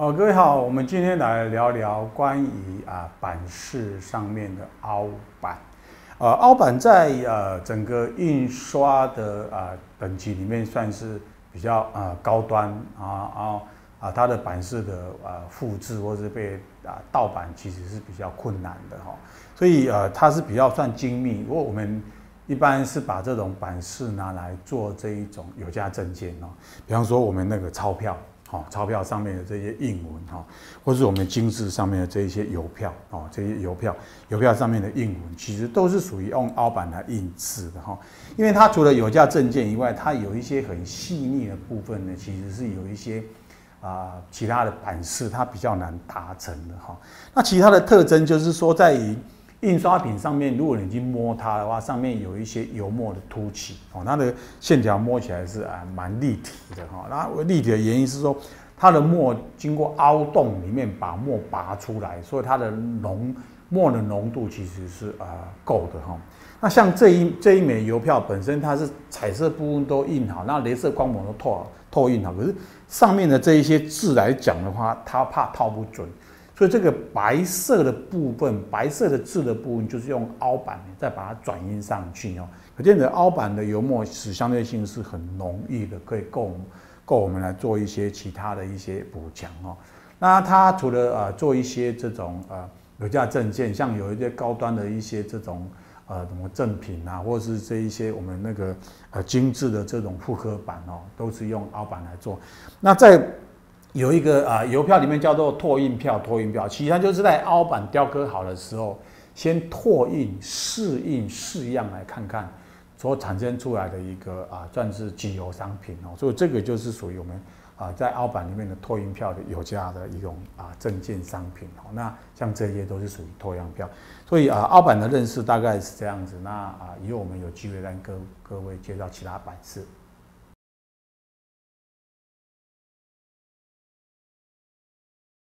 好、哦，各位好，我們今天來聊聊關於啊版式，上面的凹版，呃，凹版在呃整個印刷的啊、呃、等級裡面算是比較啊、呃、高端啊啊啊，然後它的版式的啊、呃、複製或是被啊盜版其實是比較困難的哈、哦，所以呃它是比較算精密。如果我們一般是把這種版式拿來做這一種有價證件哦，比方說我們那個鈔票。哦，鈔票上面的這些印文哈、哦，或是我們金字上面的這一些郵票啊、哦，這些郵票，郵票上面的印文其實都是屬於用凹版來印製的哈、哦。因為它除了有價證件以外，它有一些很細膩的部分呢，其實是有一些啊、呃、其他的版式它比較難達成的哈、哦。那其他的特徵就是說，在於。印刷品上面，如果你去摸它的話，上面有一些油墨的凸起，哦，它的線條摸起來是啊蠻立體的哈。那立體的原因是說，它的墨經過凹洞裡面把墨拔出來，所以它的濃墨的濃度其實是啊夠的哈。那像這一這一枚郵票本身，它是彩色部分都印好，那鐳射光膜都透透印好，可是上面的這一些字來講的話，它怕套不準。所以這個白色的部分，白色的字的部分，就是用凹版再把它轉印上去哦。可見的凹版的油墨是相對性是很濃郁的，可以夠夠我，我們來做一些其他的一些補強哦。那它除了、呃、做一些這種呃有價證券，像有一些高端的一些這種呃什麼正品啊，或者是這一些我們那個精緻的這種複刻版，哦，都是用凹版來做。那在有一個啊，郵票裡面叫做拓印票，拓印票，實際上就是在凹版雕刻好的時候，先拓印、試印、試樣來看看，所產生出來的一個啊，算是集郵商品哦。所以這個就是屬於我們啊，在凹版裡面的拓印票的有價的一種啊，證件商品哦。那像這些都是屬於拓樣票，所以啊，凹版的認識大概是這樣子。那啊，以後我們有機會再跟各位介紹其他版式。